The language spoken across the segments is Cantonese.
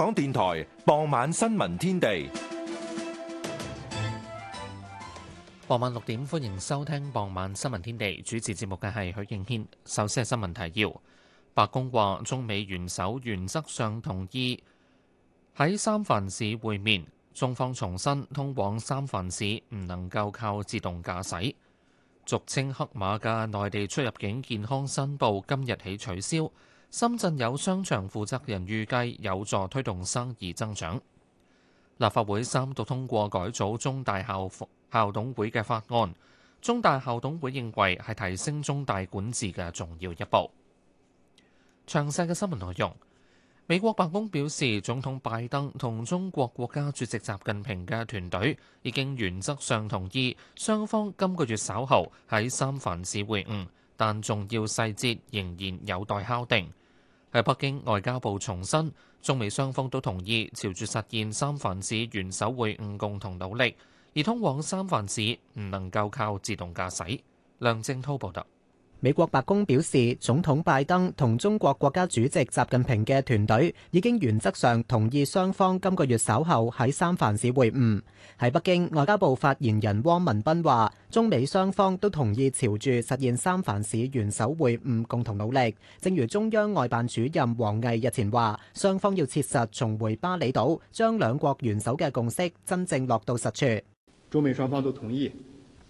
香港電台傍晚新聞天地，傍晚六點歡迎收聽傍晚新聞天地。主持節目嘅係許敬軒。首先係新聞提要：白宮話中美元首原則上同意喺三藩市會面。中方重申，通往三藩市唔能夠靠自動駕駛。俗稱黑馬嘅內地出入境健康申報今日起取消。深圳有商場負責人預計有助推動生意增長。立法會三讀通過改組中大校校董會嘅法案，中大校董會認為係提升中大管治嘅重要一步。詳細嘅新聞內容，美國白宮表示，總統拜登同中國國家主席習近平嘅團隊已經原則上同意，雙方今個月稍後喺三藩市會晤，但重要細節仍然有待敲定。喺北京，外交部重申，中美雙方都同意朝住實現三藩市元首會晤共同努力，而通往三藩市唔能夠靠自動駕駛。梁正滔報道。美國白宮表示，總統拜登同中國國家主席習近平嘅團隊已經原則上同意雙方今個月稍後喺三藩市會晤。喺北京，外交部發言人汪文斌話：中美雙方都同意朝住實現三藩市元首會晤共同努力。正如中央外辦主任王毅日前話，雙方要切實重回巴厘島，將兩國元首嘅共識真正落到實處。中美雙方都同意。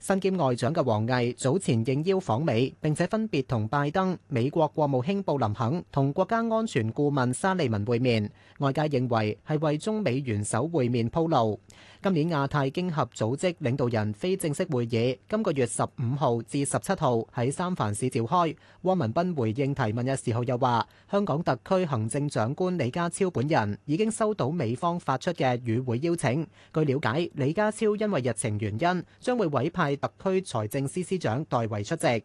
身兼外長嘅王毅早前應邀訪美，並且分別同拜登、美國國務卿布林肯同國家安全顧問沙利文會面，外界認為係為中美元首會面鋪路。今年亞太經合組織領導人非正式會議今個月十五號至十七號喺三藩市召開，汪文斌回應提問嘅時候又話，香港特區行政長官李家超本人已經收到美方發出嘅與會邀請。據了解，李家超因為日程原因將會委派。係特區財政司司長代為出席。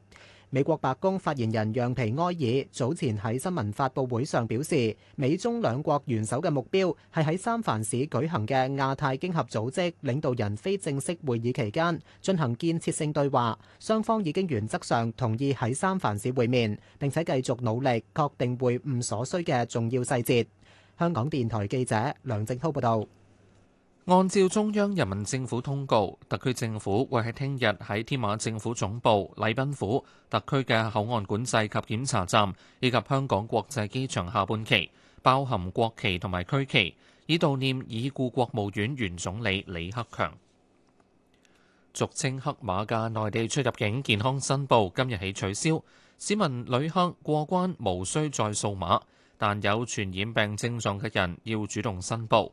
美國白宮發言人讓皮埃爾早前喺新聞發佈會上表示，美中兩國元首嘅目標係喺三藩市舉行嘅亞太經合組織領導人非正式會議期間進行建設性對話。雙方已經原則上同意喺三藩市會面，並且繼續努力確定會晤所需嘅重要細節。香港電台記者梁靜濤報道。按照中央人民政府通告，特區政府會喺聽日喺添馬政府總部、禮賓府、特區嘅口岸管制及檢查站以及香港國際機場下半旗，包含國旗同埋區旗，以悼念已故國務院原總理李克強。俗稱黑碼嘅內地出入境健康申報今日起取消，市民旅客過關無需再掃碼，但有傳染病症狀嘅人要主動申報。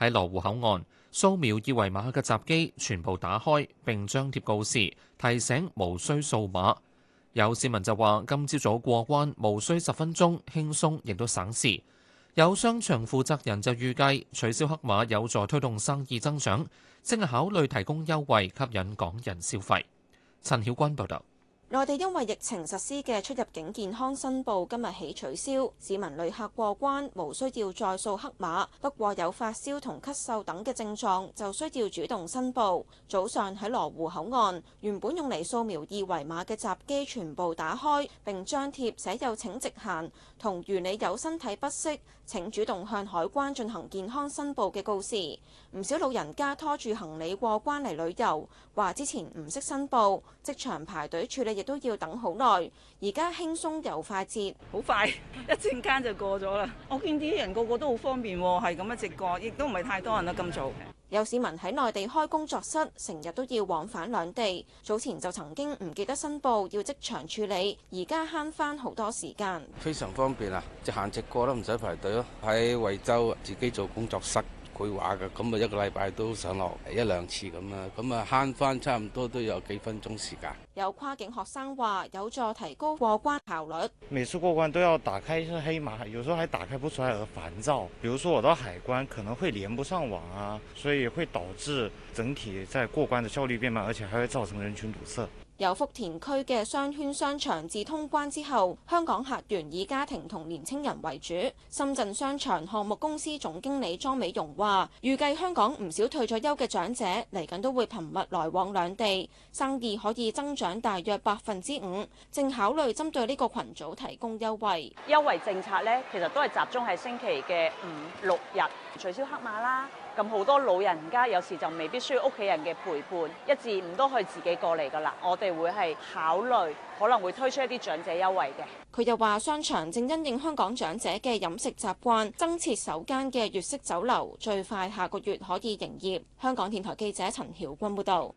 喺羅湖口岸掃描二維碼嘅閘機全部打開，並張貼告示提醒無需掃碼。有市民就話：今朝早過關無需十分鐘，輕鬆亦都省事。有商場負責人就預計取消黑碼有助推動生意增長，正係考慮提供優惠吸引港人消費。陳曉君報道。內地因為疫情實施嘅出入境健康申報，今日起取消，市民旅客過關無需要再掃黑碼。不過有發燒同咳嗽等嘅症狀，就需要主動申報。早上喺羅湖口岸，原本用嚟掃描二維碼嘅閘機全部打開，並張貼寫有「請直行」同「如你有身體不適」。請主動向海關進行健康申報嘅告示。唔少老人家拖住行李過關嚟旅遊，話之前唔識申報，即場排隊處理亦都要等好耐，而家輕鬆又快捷。好快，一陣間就過咗啦！我見啲人個個都好方便喎，係咁一直過，亦都唔係太多人啦，咁早。有市民喺內地開工作室，成日都要往返兩地。早前就曾經唔記得申報，要即場處理。而家慳返好多時間，非常方便啊！直行直過都唔使排隊咯。喺惠州自己做工作室。佢話嘅咁啊，一個禮拜都上落一兩次咁啊，咁啊慳返差唔多都有幾分鐘時間。有跨境學生話，有助提高過關效率。每次過關都要打開一隻黑馬，有時候還打開不出來而煩躁。比如說我到海關可能會連不上網啊，所以會導致整體在過關的效率變慢，而且還會造成人群堵塞。有福田區嘅商圈商場自通關之後，香港客源以家庭同年青人為主。深圳商場項目公司總經理莊美容話，預計香港唔少退咗休嘅長者嚟緊都會頻密來往兩地，生意可以增長大約百分之五，正考慮針對呢個群組提供優惠。優惠政策呢，其實都係集中喺星期嘅五六日，取消黑馬啦。咁好多老人家有時就未必需要屋企人嘅陪伴，一至五都可以自己過嚟噶啦。我哋會係考慮可能會推出一啲長者優惠嘅。佢又話：商場正因應香港長者嘅飲食習慣，增設首間嘅粵式酒樓，最快下個月可以營業。香港電台記者陳曉君報道。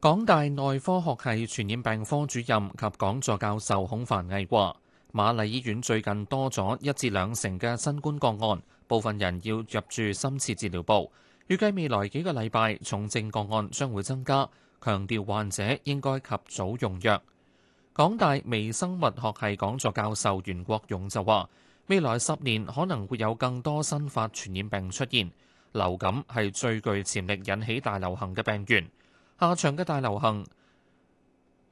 港大內科學系傳染病科主任及講座教授孔凡毅話：瑪麗醫院最近多咗一至兩成嘅新冠個案。部分人要入住深切治療部，預計未來幾個禮拜重症個案將會增加。強調患者應該及早用藥。港大微生物學系講座教授袁國勇就話，未來十年可能會有更多新發傳染病出現，流感係最具潛力引起大流行嘅病源。下場嘅大流行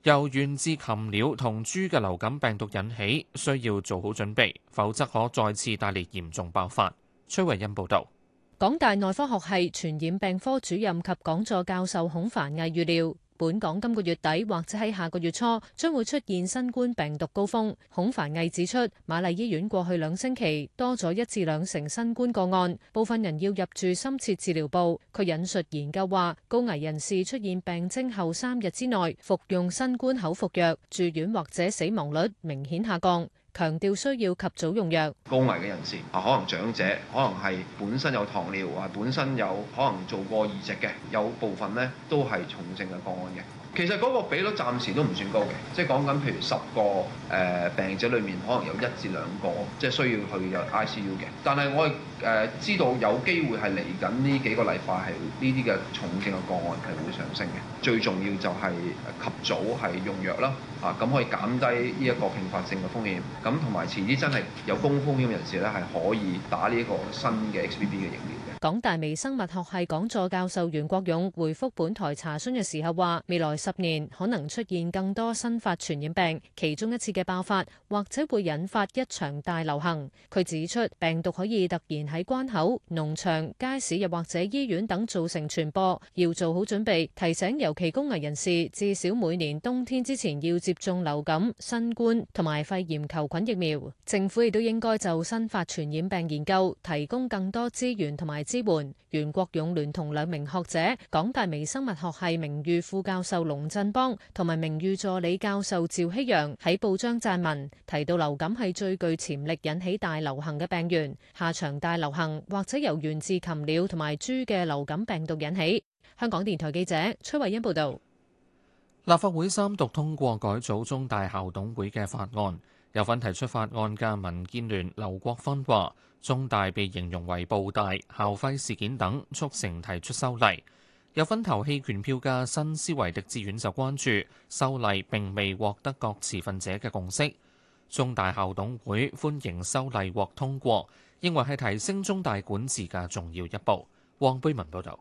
由源自禽鳥同豬嘅流感病毒引起，需要做好準備，否則可再次帶嚟嚴重爆發。崔文欣報道，港大內科學系傳染病科主任及講座教授孔繁毅預料，本港今個月底或者喺下個月初將會出現新冠病毒高峰。孔繁毅指出，瑪麗醫院過去兩星期多咗一至兩成新冠個案，部分人要入住深切治療部。佢引述研究話，高危人士出現病徵後三日之內，服用新冠口服藥，住院或者死亡率明顯下降。強調需要及早用藥，高危嘅人士啊，可能長者，可能係本身有糖尿，啊，本身有可能做過移植嘅，有部分呢都係重症嘅個案嘅。其實嗰個比率暫時都唔算高嘅，即係講緊譬如十個誒、呃、病者裏面可能有一至兩個即係、就是、需要去有 ICU 嘅。但係我哋誒、呃、知道有機會係嚟緊呢幾個禮拜係呢啲嘅重症嘅個案係會上升嘅。最重要就係及早係用藥啦，啊咁可以減低呢一個併發症嘅風險。咁同埋遲啲真係有高風險嘅人士咧係可以打呢個新嘅 XBB 嘅疫苗。港大微生物學系講座教授袁國勇回覆本台查詢嘅時候話，未來十年可能出現更多新發傳染病，其中一次嘅爆發或者會引發一場大流行。佢指出，病毒可以突然喺關口、農場、街市又或者醫院等造成傳播，要做好準備。提醒尤其高危人士，至少每年冬天之前要接種流感、新冠同埋肺炎球菌疫苗。政府亦都應該就新發傳染病研究提供更多資源同埋支援袁國勇聯同兩名學者，港大微生物學系名譽副教授龍振邦同埋名譽助理教授趙希陽喺報章撰文，提到流感係最具潛力引起大流行嘅病源，下場大流行或者由源自禽鳥同埋豬嘅流感病毒引起。香港電台記者崔慧欣報道。立法會三讀通過改組中大校董會嘅法案，有份提出法案嘅民建聯劉國勳話。中大被形容為暴大、校徽事件等促成提出修例，有分投棄權票嘅新思維狄志遠就關注修例並未獲得各持份者嘅共識。中大校董會歡迎修例獲通過，認為係提升中大管治嘅重要一步。黃貝文報道。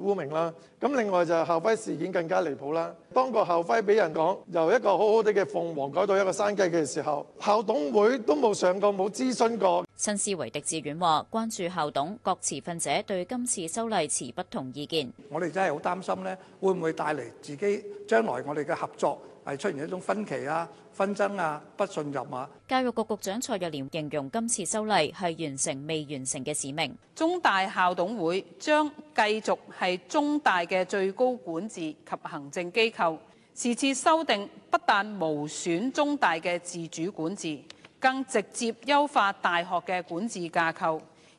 污名啦，咁另外就校徽事件更加離譜啦。當個校徽俾人講由一個好好哋嘅鳳凰改到一個山雞嘅時候，校董會都冇上過，冇諮詢過。新思維狄志遠話關注校董，各持份者對今次修例持不同意見，我哋真係好擔心咧，會唔會帶嚟自己將來我哋嘅合作？係出現一種分歧啊，紛爭啊，不信任啊。教育局局長蔡若蓮形容今次修例係完成未完成嘅使命。中大校董會將繼續係中大嘅最高管治及行政機構。此次，次修訂不但無損中大嘅自主管治，更直接優化大學嘅管治架構。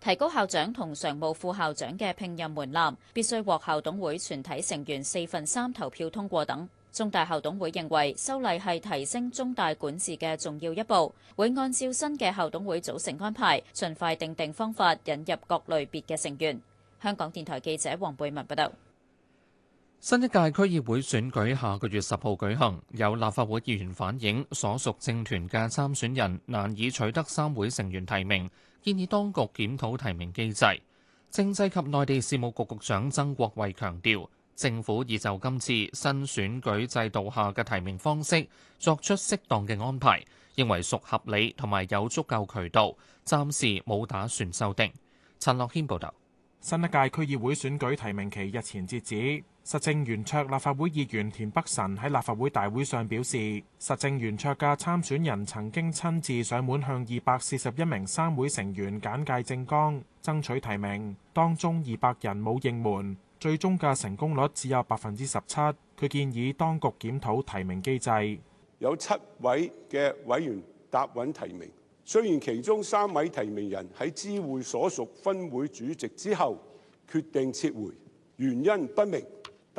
提高校長同常務副校長嘅聘任門檻，必須獲校董會全體成員四分三投票通過等。中大校董會認為修例係提升中大管治嘅重要一步，會按照新嘅校董會組成安排，盡快訂定方法引入各類別嘅成員。香港電台記者黃貝文報道。新一屆區議會選舉下個月十號舉行，有立法會議員反映所屬政團嘅參選人難以取得三會成員提名。建議當局檢討提名機制，政制及內地事務局局長曾國衛強調，政府已就今次新選舉制度下嘅提名方式作出適當嘅安排，認為屬合理同埋有足夠渠道，暫時冇打算修訂。陳樂軒報道：「新一屆區議會選舉提名期日前截止。實政圓桌立法會議員田北辰喺立法會大會上表示，實政圓桌嘅參選人曾經親自上門向二百四十一名三會成員簡介政綱，爭取提名。當中二百人冇應門，最終嘅成功率只有百分之十七。佢建議當局檢討提名機制。有七位嘅委員答允提名，雖然其中三位提名人喺知會所屬分會主席之後決定撤回，原因不明。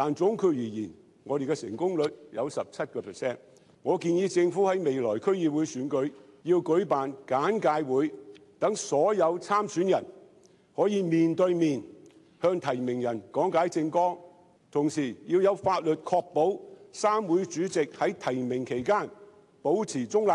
但總括而言，我哋嘅成功率有十七個 percent。我建議政府喺未來區議會選舉要舉辦簡介會，等所有參選人可以面對面向提名人講解政綱，同時要有法律確保三會主席喺提名期間保持中立。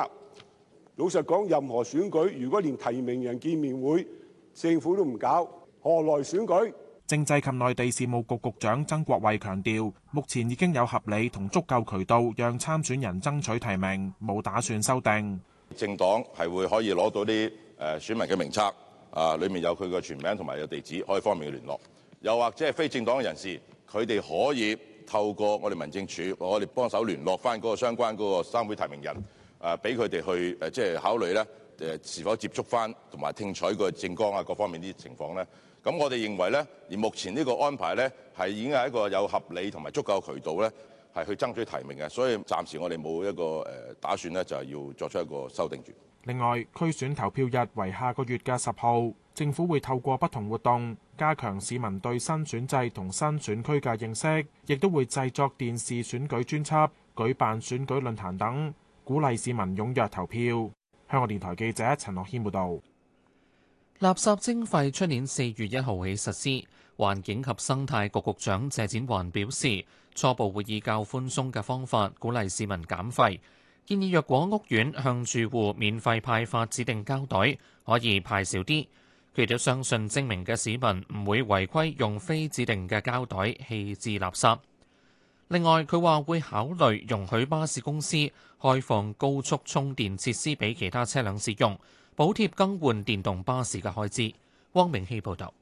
老實講，任何選舉如果連提名人見面會，政府都唔搞，何來選舉？政制及內地事務局局長曾國衛強調，目前已經有合理同足夠渠道讓參選人爭取提名，冇打算修訂。政黨係會可以攞到啲誒選民嘅名冊啊，裡面有佢嘅全名同埋有地址，可以方面嘅聯絡。又或者係非政黨嘅人士，佢哋可以透過我哋民政處，我哋幫手聯絡翻嗰個相關嗰個三會提名人，啊，俾佢哋去誒即係考慮咧誒是否接觸翻同埋聽取個政綱啊各方面啲情況咧。咁、嗯、我哋認為呢，而目前呢個安排呢，係已經係一個有合理同埋足夠渠道呢，係去爭取提名嘅。所以暫時我哋冇一個誒、呃、打算呢，就係要作出一個修訂住。另外，區選投票日為下個月嘅十號，政府會透過不同活動加強市民對新選制同新選區嘅認識，亦都會製作電視選舉專輯、舉辦選舉論壇等，鼓勵市民踴躍投票。香港電台記者陳樂謙報道。垃圾徵費出年四月一號起實施，環境及生態局局長謝展寰表示，初步會以較寬鬆嘅方法鼓勵市民減廢，建議若果屋苑向住戶免費派發指定膠袋，可以派少啲。佢哋相信精明嘅市民唔會違規用非指定嘅膠袋棄置垃圾。另外，佢話會考慮容許巴士公司開放高速充電設施俾其他車輛使用。補貼更換電動巴士嘅開支。汪明希報道。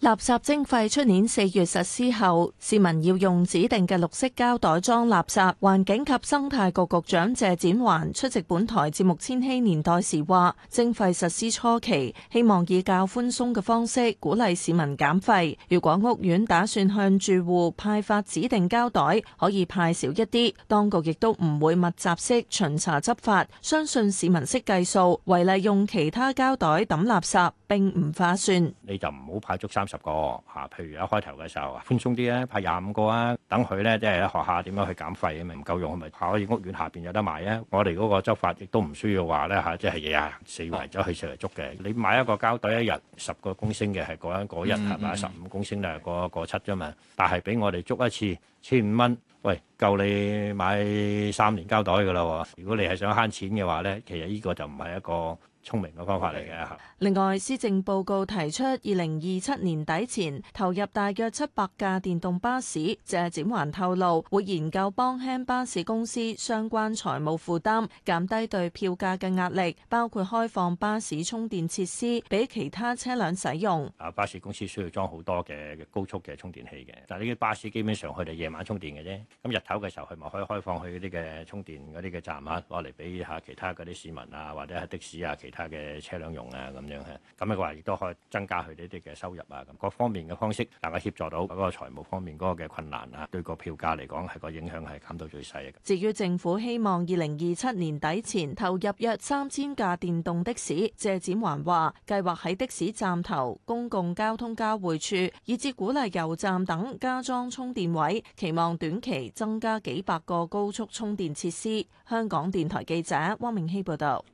垃圾徵費出年四月實施後，市民要用指定嘅綠色膠袋裝垃圾。環境及生態局局長謝展環出席本台節目《千禧年代》時話：徵費實施初期，希望以較寬鬆嘅方式鼓勵市民減廢。如果屋苑打算向住戶派發指定膠袋，可以派少一啲。當局亦都唔會密集式巡查執法，相信市民識計數，違例用其他膠袋抌垃圾並唔划算。你就唔好派足三十個嚇、啊，譬如一開頭嘅時候寬鬆啲咧，派廿五個啊，等佢咧即係學下點樣去減廢啊，咪唔夠用咪可以屋苑下邊有得買啊！我哋嗰個執法亦都唔需要話咧嚇、啊，即係日、啊、四圍走去四圍捉嘅。好你買一個膠袋一日十個公升嘅，係嗰間嗰日係咪十五公升咧、那個個七啫嘛，但係俾我哋捉一次千五蚊，喂夠你買三年膠袋噶啦喎！如果你係想慳錢嘅話咧，其實呢個就唔係一個。聰明嘅方法嚟嘅。另外，施政報告提出，二零二七年底前投入大約七百架電動巴士。謝展環透露，會研究幫輕巴士公司相關財務負擔，減低對票價嘅壓力，包括開放巴士充電設施俾其他車輛使用。啊，巴士公司需要裝好多嘅高速嘅充電器嘅，但係呢啲巴士基本上佢哋夜晚充電嘅啫。咁日頭嘅時候，係咪可以開放佢嗰啲嘅充電嗰啲嘅站呀，攞嚟俾下其他嗰啲市民啊，或者係的士啊，其他，嘅車輛用啊，咁樣嚇，咁佢話亦都可以增加佢哋啲嘅收入啊，各方面嘅方式能夠協助到嗰個財務方面嗰個嘅困難啊，對個票價嚟講係個影響係減到最細嘅。至於政府希望二零二七年底前投入約三千架電動的士，謝展環話計劃喺的士站頭、公共交通交匯處以至鼓勵油站等加裝充電位，期望短期增加幾百個高速充電設施。香港電台記者汪明希報道。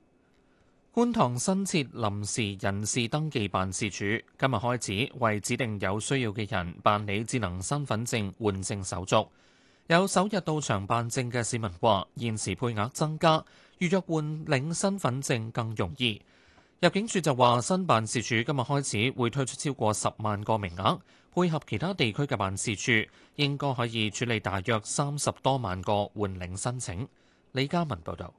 觀塘新設臨時人事登記辦事處，今日開始為指定有需要嘅人辦理智能身份證換證手續。有首日到場辦證嘅市民話：現時配額增加，預約換領身份證更容易。入境處就話，新辦事處今日開始會推出超過十萬個名額，配合其他地區嘅辦事處，應該可以處理大約三十多萬個換領申請。李嘉文報道。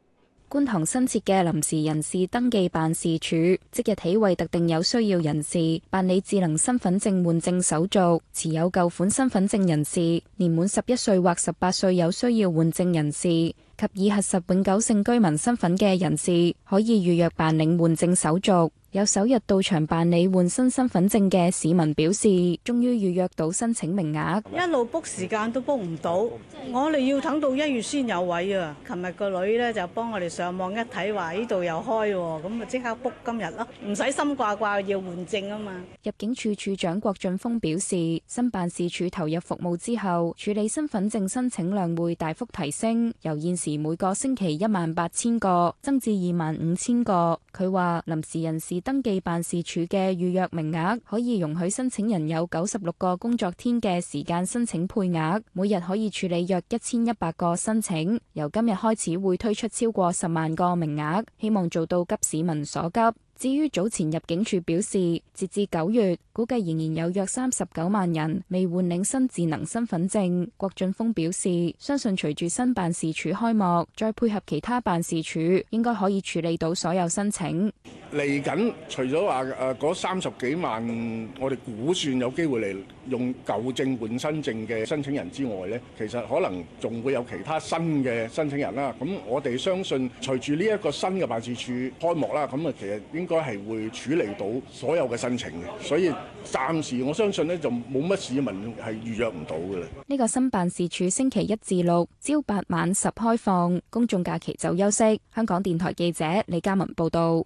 觀塘新設嘅臨時人事登記辦事處，即日起為特定有需要人士辦理智能身份證換證手續。持有舊款身份證人士，年滿十一歲或十八歲有需要換證人士及已核實永久性居民身份嘅人士，可以預約辦理換證手續。有首日到場辦理換新身份證嘅市民表示，終於預約到申請名額。一路 book 時間都 book 唔到，我哋要等到一月先有位啊！琴日個女咧就幫我哋上網一睇，話呢度又開喎、啊，咁咪即刻 book 今日咯，唔使心掛掛要換證啊嘛！入境處處長郭俊峰表示，新辦事處投入服務之後，處理身份證申請量會大幅提升，由現時每個星期一萬八千個，增至二萬五千個。佢話臨時人士登記辦事處嘅預約名額可以容許申請人有九十六個工作天嘅時間申請配額，每日可以處理約一千一百個申請。由今日開始，會推出超過十萬個名額，希望做到急市民所急。至於早前入境處表示，截至九月，估計仍然有約三十九萬人未換領新智能身份證。郭俊峰表示，相信隨住新辦事處開幕，再配合其他辦事處，應該可以處理到所有申請。嚟緊除咗話誒嗰三十幾萬，我哋估算有機會嚟用舊證換新證嘅申請人之外呢，其實可能仲會有其他新嘅申請人啦。咁我哋相信，隨住呢一個新嘅辦事處開幕啦，咁啊其實應應該係會處理到所有嘅申請嘅，所以暫時我相信呢就冇乜市民係預約唔到嘅啦。呢個新辦事處星期一至六朝八晚十開放，公眾假期就休息。香港電台記者李嘉文報道。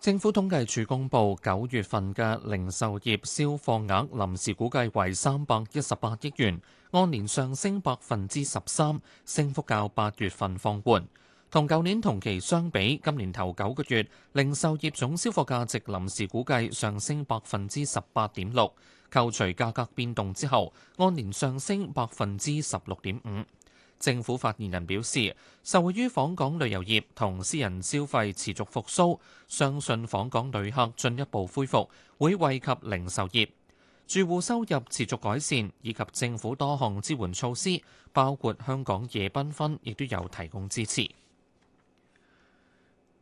政府統計處公布九月份嘅零售業銷貨額，臨時估計為三百一十八億元，按年上升百分之十三，升幅較八月份放緩。同舊年同期相比，今年頭九個月零售業總銷貨價值臨時估計上升百分之十八點六，扣除價格變動之後，按年上升百分之十六點五。政府發言人表示，受惠於訪港旅遊業同私人消費持續復甦，相信訪港旅客進一步恢復會惠及零售業。住戶收入持續改善，以及政府多項支援措施，包括香港夜繽紛，亦都有提供支持。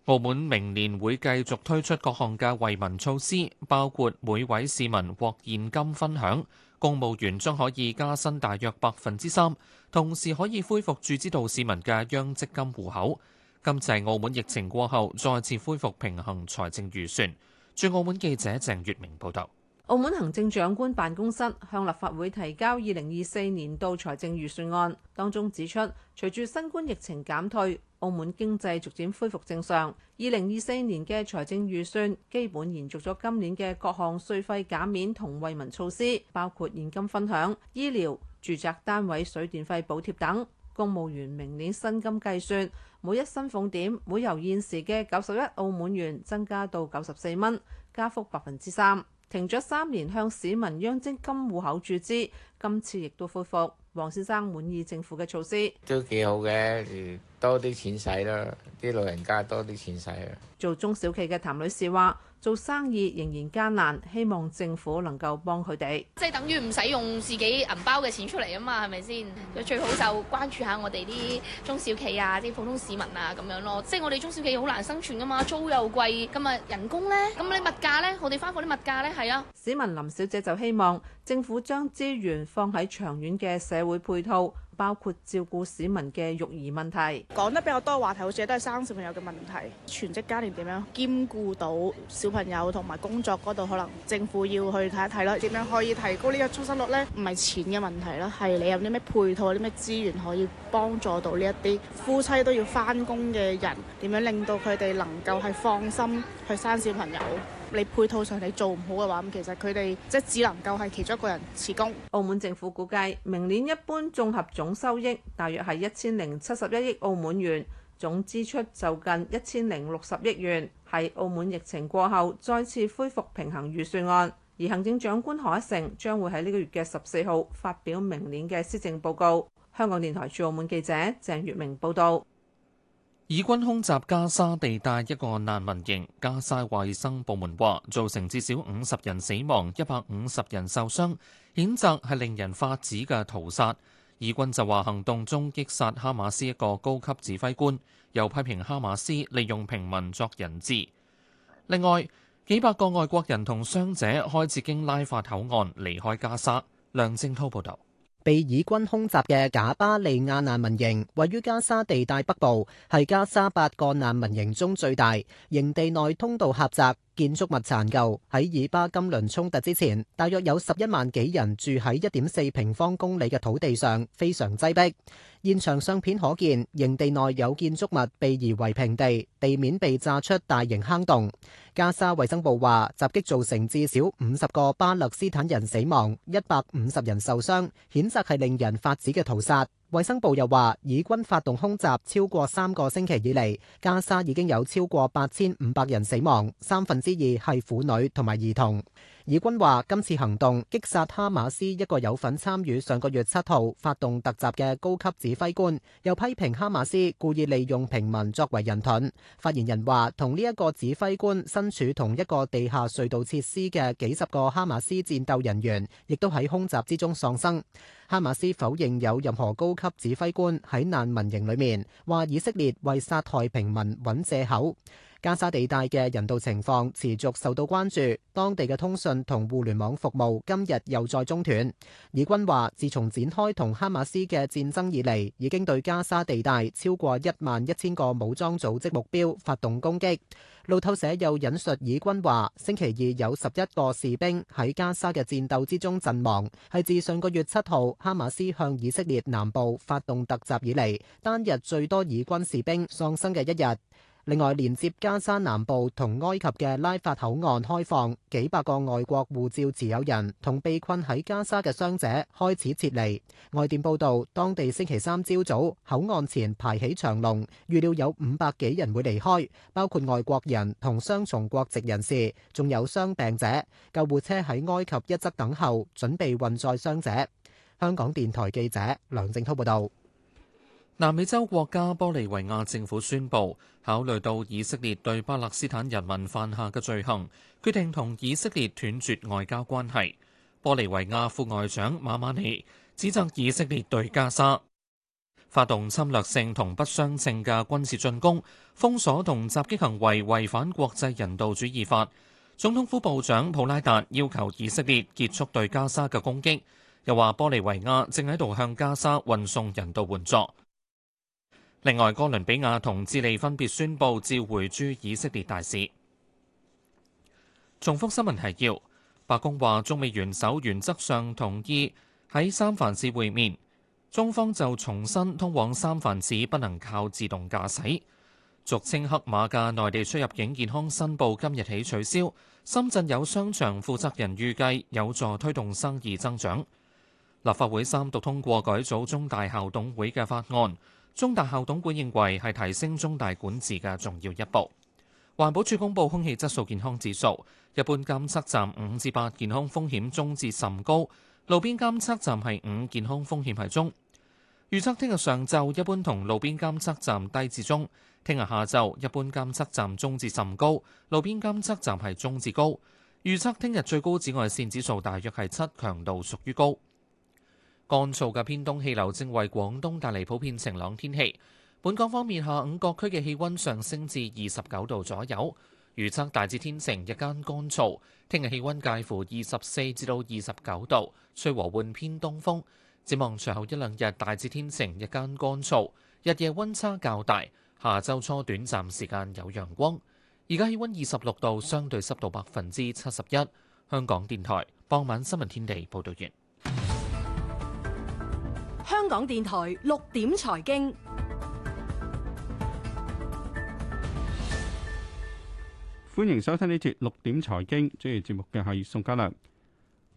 澳門明年會繼續推出各項嘅惠民措施，包括每位市民獲現金分享，公務員將可以加薪大約百分之三，同時可以恢復注資到市民嘅央積金戶口，今次係澳門疫情過後再次恢復平衡財政預算。駐澳門記者鄭月明報道。澳門行政長官辦公室向立法會提交二零二四年度財政預算案，當中指出，隨住新冠疫情減退，澳門經濟逐漸恢復正常。二零二四年嘅財政預算基本延續咗今年嘅各項稅費減免同惠民措施，包括現金分享、醫療、住宅單位水電費補貼等。公務員明年薪金計算，每一薪俸點會由現時嘅九十一澳門元增加到九十四蚊，加幅百分之三。停咗三年向市民央徵金戶口注資，今次亦都恢復。黃先生滿意政府嘅措施，都幾好嘅，多啲錢使啦，啲老人家多啲錢使呀。做中小企嘅譚女士話。做生意仍然艱難，希望政府能夠幫佢哋，即係等於唔使用，用自己銀包嘅錢出嚟啊嘛，係咪先？佢最好就關注下我哋啲中小企啊，啲普通市民啊咁樣咯。即係我哋中小企好難生存噶嘛，租又貴，咁啊人工咧，咁你物價咧，我哋包括啲物價咧係啊。市民林小姐就希望政府將資源放喺長遠嘅社會配套，包括照顧市民嘅育兒問題，講得比較多話題，好似都係生小朋友嘅問題，全職家庭點樣兼顧到小朋友同埋工作嗰度，可能政府要去睇一睇咯。點樣可以提高呢個出生率呢？唔係錢嘅問題啦，係你有啲咩配套、有啲咩資源可以幫助到呢一啲夫妻都要返工嘅人，點樣令到佢哋能夠係放心去生小朋友？你配套上你做唔好嘅話，咁其實，佢哋即係只能夠係其中一個人辭工。澳門政府估計明年一般綜合總收益大約係一千零七十一億澳門元，總支出就近一千零六十億元，係澳門疫情過後再次恢復平衡預算案。而行政長官賀一誠將會喺呢個月嘅十四號發表明年嘅施政報告。香港電台駐澳門記者鄭月明報道。以軍空襲加沙地帶一個難民營，加沙衛生部門話造成至少五十人死亡、一百五十人受傷，譴責係令人髮指嘅屠殺。以軍就話行動中擊殺哈馬斯一個高級指揮官，又批評哈馬斯利用平民作人質。另外，幾百個外國人同傷者開始經拉法口岸離開加沙。梁正滔報導。被以軍空襲嘅賈巴利亞難民營，位於加沙地帶北部，係加沙八個難民營中最大，營地內通道狹窄。建築物殘舊，喺以巴今輪衝突之前，大約有十一萬幾人住喺一點四平方公里嘅土地上，非常擠迫。現場相片可見，營地內有建築物被夷為平地，地面被炸出大型坑洞。加沙衞生部話，襲擊造成至少五十個巴勒斯坦人死亡，一百五十人受傷，譴責係令人髮指嘅屠殺。衛生部又話，以軍發動空襲超過三個星期以嚟，加沙已經有超過八千五百人死亡，三分之二係婦女同埋兒童。以軍話今次行動擊殺哈馬斯一個有份參與上個月七號發動突襲嘅高級指揮官，又批評哈馬斯故意利用平民作為人盾。發言人話，同呢一個指揮官身處同一個地下隧道設施嘅幾十個哈馬斯戰鬥人員，亦都喺空襲之中喪生。哈馬斯否認有任何高級指揮官喺難民營裏面，話以色列為殺害平民揾借口。加沙地帶嘅人道情況持續受到關注，當地嘅通訊同互聯網服務今日又再中斷。以軍話，自從展開同哈馬斯嘅戰爭以嚟，已經對加沙地帶超過一萬一千個武裝組織目標發動攻擊。路透社又引述以軍話，星期二有十一個士兵喺加沙嘅戰鬥之中陣亡，係自上個月七號哈馬斯向以色列南部發動突襲以嚟，單日最多以軍士兵喪生嘅一日。另外，連接加沙南部同埃及嘅拉法口岸開放，幾百個外國護照持有人同被困喺加沙嘅傷者開始撤離。外電報導，當地星期三朝早，早口岸前排起長龍，預料有五百幾人會離開，包括外國人同雙重國籍人士，仲有傷病者。救護車喺埃及一側等候，準備運載傷者。香港電台記者梁正滔報道。南美洲國家玻利維亞政府宣布，考慮到以色列對巴勒斯坦人民犯下嘅罪行，決定同以色列斷絕外交關係。玻利維亞副外長馬馬尼指責以色列對加沙發動侵略性同不相稱嘅軍事進攻、封鎖同襲擊行為，違反國際人道主義法。總統府部長普拉達要求以色列結束對加沙嘅攻擊，又話玻利維亞正喺度向加沙運送人道援助。另外，哥倫比亞同智利分別宣布召回駐以色列大使。重複新聞提要：白宮話中美元首原則上同意喺三藩市會面。中方就重申，通往三藩市不能靠自動駕駛。俗稱，黑馬嘅內地出入境健康申報今日起取消。深圳有商場負責人預計有助推動生意增長。立法會三讀通過改組中大校董會嘅法案。中大校董管認為係提升中大管治嘅重要一步。環保署公布空氣質素健康指數，一般監測站五至八，健康風險中至甚高，路邊監測站係五，健康風險係中。預測聽日上晝一般同路邊監測站低至中，聽日下晝一般監測站中至甚高，路邊監測站係中至高。預測聽日最高紫外線指數大約係七，強度屬於高。乾燥嘅偏東氣流正為廣東帶嚟普遍晴朗天氣。本港方面，下午各區嘅氣温上升至二十九度左右。預測大致天晴，日間乾燥。聽日氣温介乎二十四至到二十九度，吹和緩偏東風。展望隨後一兩日大致天晴，日間乾燥，日夜温差較大。下周初短暫時間有陽光。而家氣温二十六度，相對濕度百分之七十一。香港電台傍晚新聞天地，報道完。香港電台六點財經，歡迎收聽呢節六點財經，主持節目嘅係宋嘉良。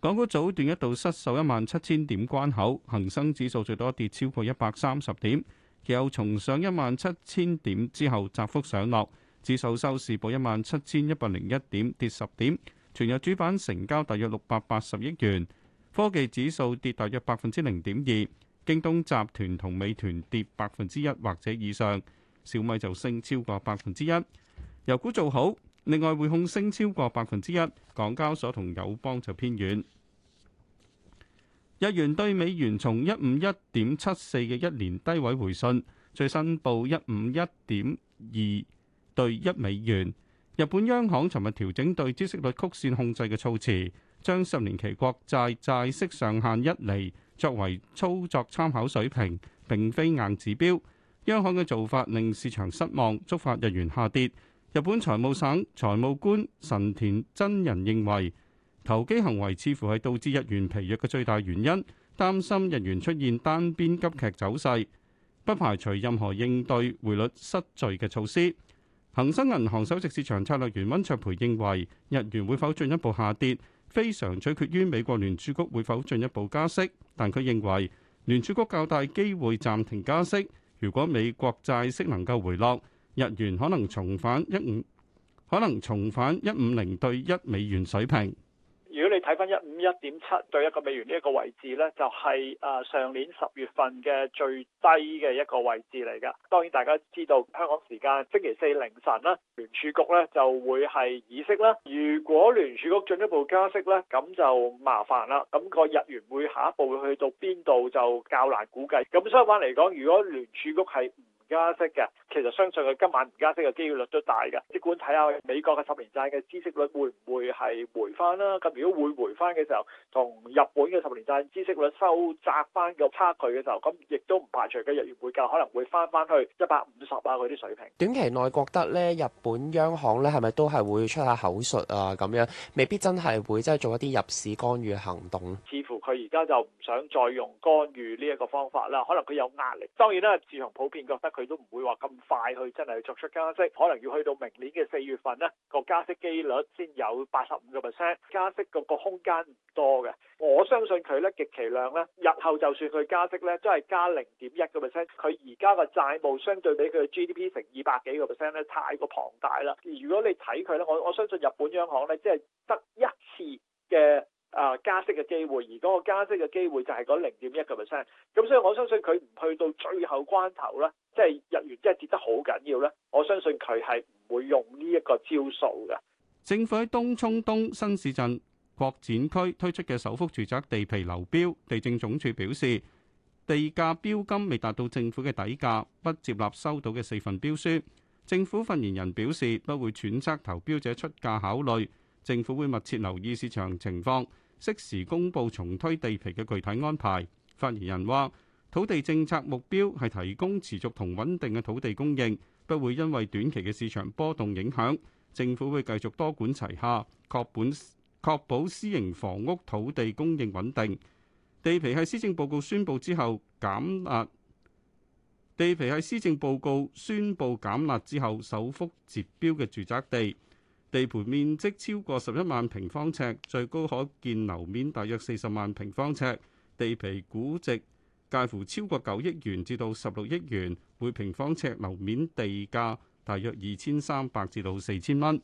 港股早段一度失守一萬七千點關口，恒生指數最多跌超過一百三十點，又重上一萬七千點之後窄幅上落，指數收市報一萬七千一百零一點，跌十點。全日主板成交大約六百八十億元，科技指數跌大約百分之零點二。京東集團同美團跌百分之一或者以上，小米就升超過百分之一。油股做好，另外匯控升超過百分之一，港交所同友邦就偏軟。日元對美元從一五一點七四嘅一年低位回信，最新報一五一點二兌一美元。日本央行尋日調整對孳息率曲線控制嘅措辭，將十年期國債債息上限一厘。作為操作參考水平，並非硬指標。央行嘅做法令市場失望，觸發日元下跌。日本財務省財務官神田真人認為，投機行為似乎係導致日元疲弱嘅最大原因，擔心日元出現單邊急劇走勢，不排除任何應對匯率失序嘅措施。恒生銀行首席市場策略員溫卓培認為，日元會否進一步下跌，非常取決於美國聯儲局會否進一步加息，但佢認為聯儲局較大機會暫停加息。如果美國債息能夠回落，日元可能重返一五，可能重返一五零對一美元水平。睇返一五一點七對一個美元呢一個位置呢，就係、是、誒上年十月份嘅最低嘅一個位置嚟㗎。當然大家知道香港時間星期四凌晨啦，聯儲局呢就會係議息啦。如果聯儲局進一步加息呢，咁就麻煩啦。咁、那個日元會下一步去到邊度就較難估計。咁相反嚟講，如果聯儲局係加息嘅，其實相信佢今晚唔加息嘅機會率率都大嘅。即管睇下美國嘅十年債嘅孳息率會唔會係回翻啦？咁如果會回翻嘅時候，同日本嘅十年債孳息率收窄翻嘅差距嘅時候，咁亦都唔排除嘅日元匯價可能會翻翻去一百五十啊嗰啲水平。短期內覺得咧，日本央行咧係咪都係會出下口述啊？咁樣未必真係會即係做一啲入市干預行動。似乎佢而家就唔想再用干預呢一個方法啦。可能佢有壓力。當然啦，自從普遍覺得。佢都唔會話咁快去真係作出加息，可能要去到明年嘅四月份咧，個加息機率先有八十五個 percent，加息個個空間唔多嘅。我相信佢呢極其量呢，日後就算佢加息呢，都係加零點一個 percent。佢而家個債務相對比佢嘅 GDP 成二百幾個 percent 咧，太過龐大啦。如果你睇佢呢，我我相信日本央行呢，只係得一次嘅。啊加息嘅機會，而嗰個加息嘅機會就係講零點一個 percent，咁所以我相信佢唔去到最後關頭咧，即係日元真係跌得好緊要咧，我相信佢係唔會用呢一個招數嘅。政府喺東涌東新市鎮擴展區推出嘅首幅住宅地皮流標，地政總署表示地價標金未達到政府嘅底價，不接納收到嘅四份標書。政府發言人表示不會揣測投標者出價考慮。政府會密切留意市場情況，適時公布重推地皮嘅具體安排。發言人話：土地政策目標係提供持續同穩定嘅土地供應，不會因為短期嘅市場波動影響。政府會繼續多管齊下，確本確保私營房屋土地供應穩定。地皮係施政報告宣布之後減壓，地皮係施政報告宣布減壓之後首幅截標嘅住宅地。地盤面積超過十一萬平方尺，最高可建樓面大約四十萬平方尺，地皮估值介乎超過九億元至到十六億元，每平方尺樓面地價大約二千三百至到四千蚊。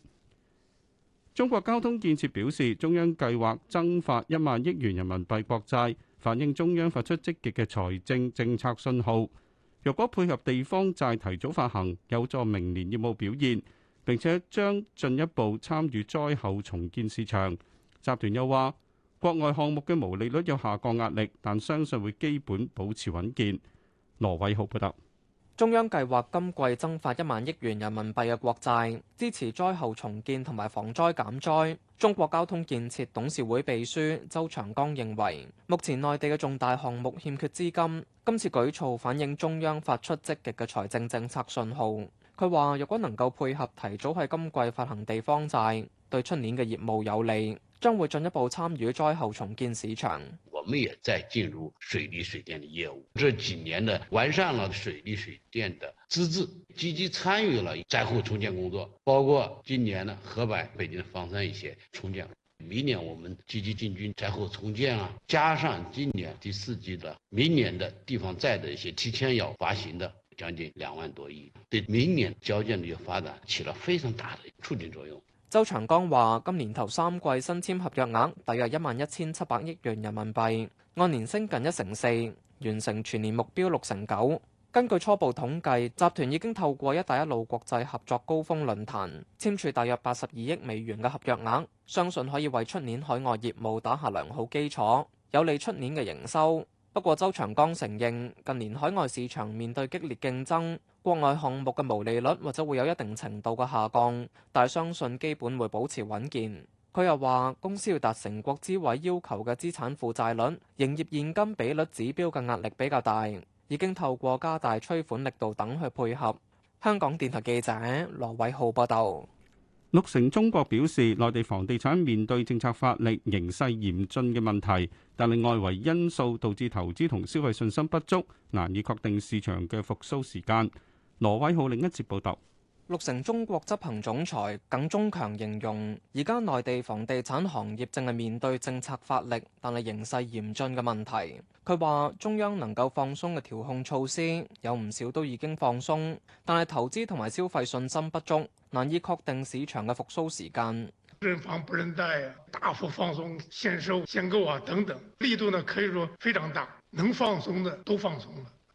中國交通建設表示，中央計劃增發一萬億元人民幣國債，反映中央發出積極嘅財政政策信號。若果配合地方債提早發行，有助明年業務表現。並且將進一步參與災後重建市場。集團又話，國外項目嘅毛利率有下降壓力，但相信會基本保持穩健。羅偉浩報道。中央計劃今季增發一萬億元人民幣嘅國債，支持災後重建同埋防災減災。中國交通建設董事會秘書周長江認為，目前內地嘅重大項目欠缺資金，今次舉措反映中央發出積極嘅財政政策信號。佢話，若果能夠配合提早喺今季發行地方債，對出年嘅業務有利，將會進一步參與災後重建市場。我們也在進入水利水電的業務，這幾年呢完善了水利水電的資質，積極參與了災後重建工作，包括今年呢，河北、北京的房山一些重建。明年我們積極進軍災後重建啊，加上今年第四季的明年的地方債的一些提前要發行的。將近兩萬多億，對明年交建嘅發展起了非常大的促進作用。周長江話：今年頭三季新簽合約額大約一萬一千七百億元人民幣，按年升近一成四，完成全年目標六成九。根據初步統計，集團已經透過一帶一路國際合作高峰論壇簽署大約八十二億美元嘅合約額，相信可以為出年海外業務打下良好基礎，有利出年嘅營收。不過，周長江承認近年海外市場面對激烈競爭，國外項目嘅毛利率或者會有一定程度嘅下降，但相信基本會保持穩健。佢又話，公司要達成國資委要求嘅資產負債率、營業現金比率指標嘅壓力比較大，已經透過加大催款力度等去配合。香港電台記者羅偉浩報道。綠城中國表示，內地房地產面對政策發力、形勢嚴峻嘅問題，但係外圍因素導致投資同消費信心不足，難以確定市場嘅復甦時間。羅偉浩另一節報道，綠城中國執行總裁耿忠強形容，而家內地房地產行業正係面對政策發力，但係形勢嚴峻嘅問題。佢話中央能夠放鬆嘅調控措施有唔少都已經放鬆，但係投資同埋消費信心不足。難以確定市場嘅復甦時間。認房不認貸，大幅放鬆限售、限購啊等等力度呢，可以說非常大，能放鬆的都放鬆了。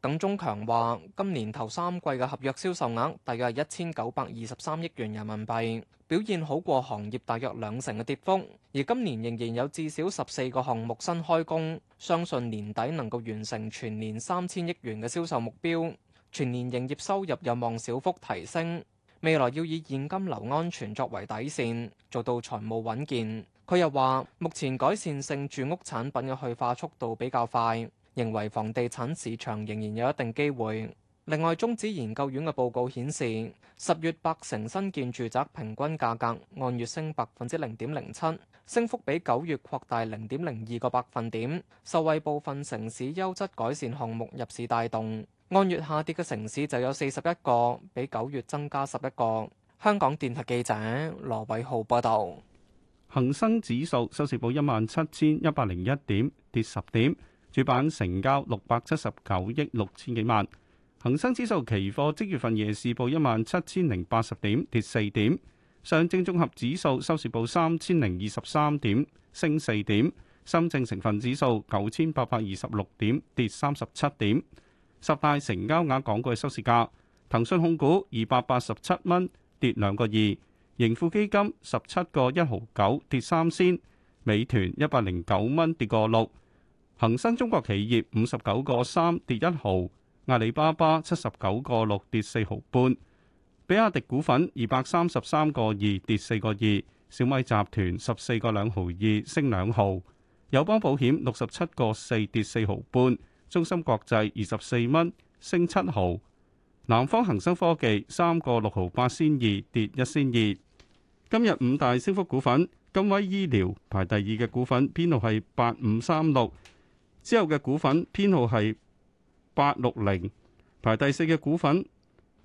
耿忠強話：今年頭三季嘅合約銷售額大約係一千九百二十三億元人民幣，表現好過行業大約兩成嘅跌幅。而今年仍然有至少十四個項目新開工，相信年底能夠完成全年三千億元嘅銷售目標。全年營業收入有望小幅提升。未來要以現金流安全作為底線，做到財務穩健。佢又話：目前改善性住屋產品嘅去化速度比較快。認為房地產市場仍然有一定機會。另外，中指研究院嘅報告顯示，十月百城新建住宅平均價格按月升百分之零點零七，升幅比九月擴大零點零二個百分點，受惠部分城市優質改善項目入市帶動。按月下跌嘅城市就有四十一個，比九月增加十一個。香港電台記者羅偉浩報道。恒生指數收市報一萬七千一百零一點，跌十點。主板成交六百七十九億六千幾萬，恒生指數期貨即月份夜市報一萬七千零八十點，跌四點；上證綜合指數收市報三千零二十三點，升四點；深證成分指數九千八百二十六點，跌三十七點。十大成交額港股嘅收市價：騰訊控股二百八十七蚊，跌兩個二；盈富基金十七個一毫九，跌三仙；美團一百零九蚊，跌過六。恒生中國企業五十九個三跌一毫，阿里巴巴七十九個六跌四毫半，比亞迪股份二百三十三個二跌四個二，小米集團十四個兩毫二升兩毫，友邦保險六十七個四跌四毫半，中芯國際二十四蚊升七毫，南方恒生科技三個六毫八仙二跌一仙二。今日五大升幅股份，金威醫療排第二嘅股份編號係八五三六。之後嘅股份編號係八六零，排第四嘅股份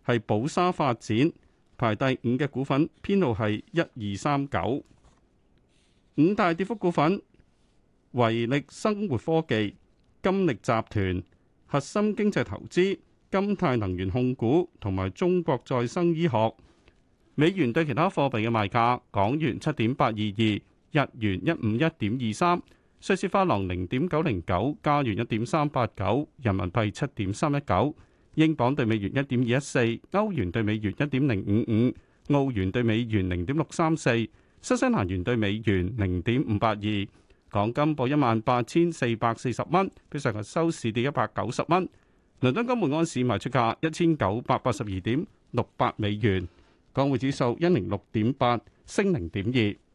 係寶沙發展，排第五嘅股份編號係一二三九。五大跌幅股份：維力生活科技、金力集團、核心經濟投資、金泰能源控股同埋中國再生醫學。美元對其他貨幣嘅賣價：港元七點八二二，日元一五一點二三。瑞士法郎零點九零九，加元一點三八九，人民幣七點三一九，英鎊兌美元一點二一四，歐元兌美元一點零五五，澳元兌美元零點六三四，新西蘭元兌美元零點五八二。港金報一萬八千四百四十蚊，比上日收市跌一百九十蚊。倫敦金每安士賣出價一千九百八十二點六八美元，港匯指數一零六點八升零點二。